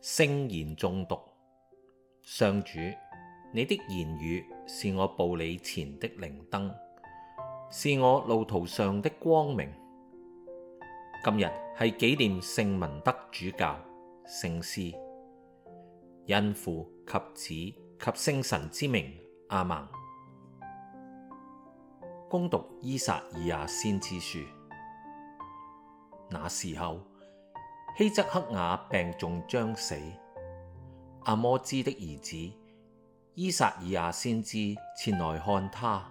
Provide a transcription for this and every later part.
聖言誦讀，上主，你的言語是我步履前的靈燈，是我路途上的光明。今日係紀念聖文德主教、聖師，因父及子及聖神之名，亞孟。恭讀依撒意亞先知書，那時候。希則克雅病重將死，阿摩茲的兒子依撒意亞先知前來看他，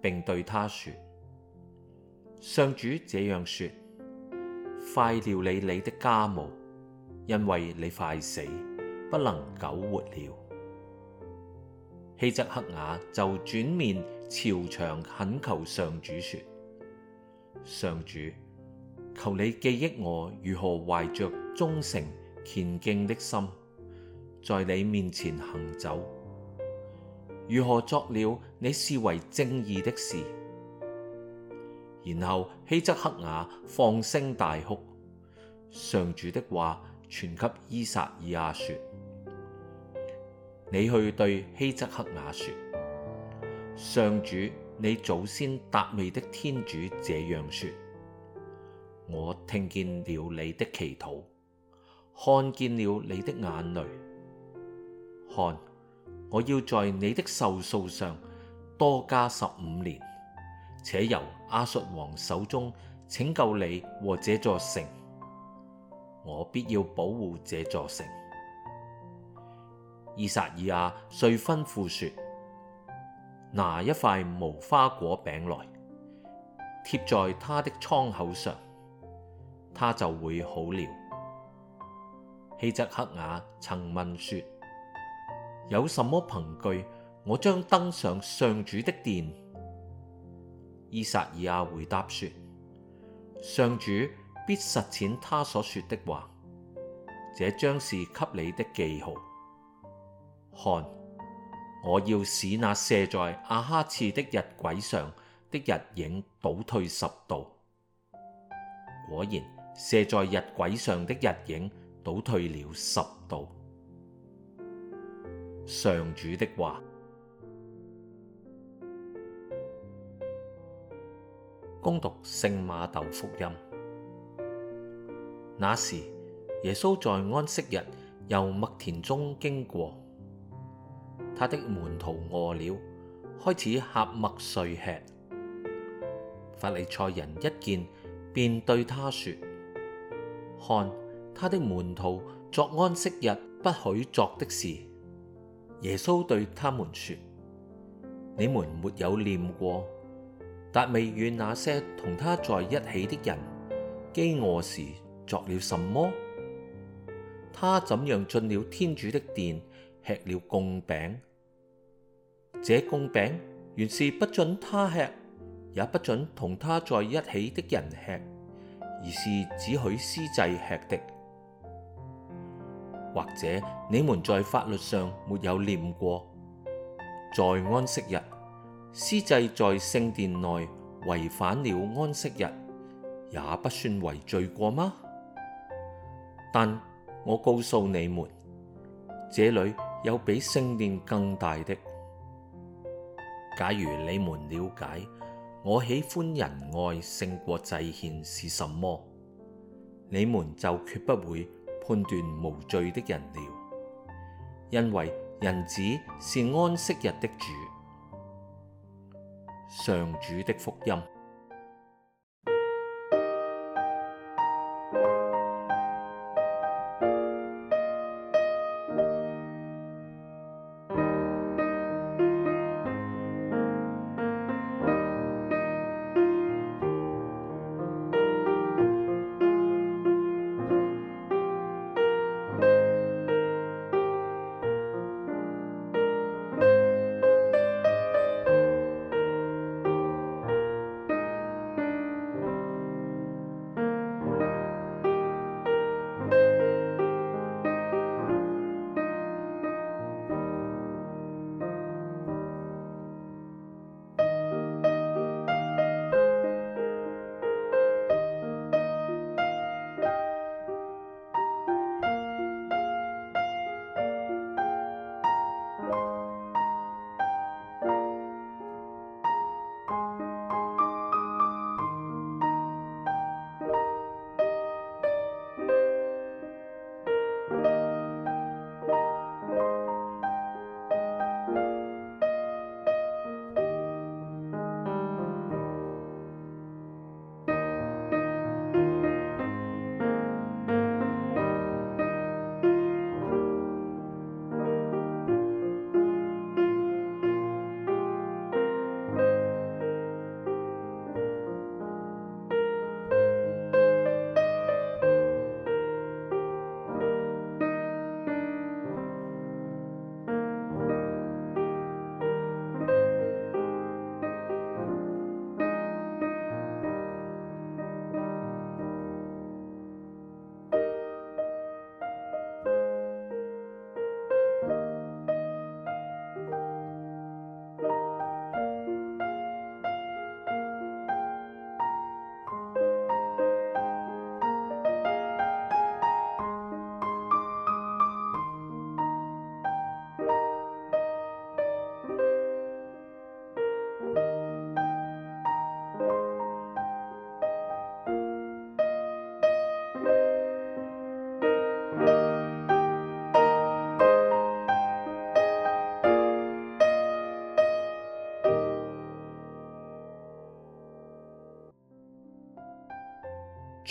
並對他說：上主這樣說，快料理你的家務，因為你快死，不能久活了。希則克雅就轉面朝牆懇求上主說：上主。求你記憶我如何懷着忠誠虔敬的心，在你面前行走，如何作了你視為正義的事，然後希則克雅放聲大哭。上主的話傳給依撒意亞說：你去對希則克雅說，上主你祖先達味的天主這樣說。我聽見了你的祈禱，看見了你的眼淚，看，我要在你的壽數上多加十五年，且由亞述王手中拯救你和這座城，我必要保護這座城。依撒意亞遂吩咐說：拿一塊無花果餅來，貼在他的瘡口上。他就會好了。希則克雅曾問說：有什麼憑據，我將登上上主的殿？依撒意亞回答說：上主必實踐他所說的話，這將是給你的記號。看，我要使那射在阿哈次的日晷上的日影倒退十度。果然。射在日晷上的日影倒退了十度。上主的話。恭讀聖馬竇福音。那時，耶穌在安息日由麥田中經過，他的門徒餓了，開始掐麥穗吃。法利塞人一見，便對他說。看，他的門徒作安息日不許作的事，耶穌對他們說：你們沒有念過達味與那些同他在一起的人饑餓時作了什麼？他怎樣進了天主的殿，吃了供餅？這供餅原是不准他吃，也不准同他在一起的人吃。而是只許司祭吃的，或者你們在法律上沒有念過，在安息日司祭在聖殿內違犯了安息日，也不算為罪過嗎？但我告訴你們，這裏有比聖殿更大的。假如你們了解。我喜歡仁愛勝過祭獻是什麼？你們就決不會判斷無罪的人了，因為人子是安息日的主。上主的福音。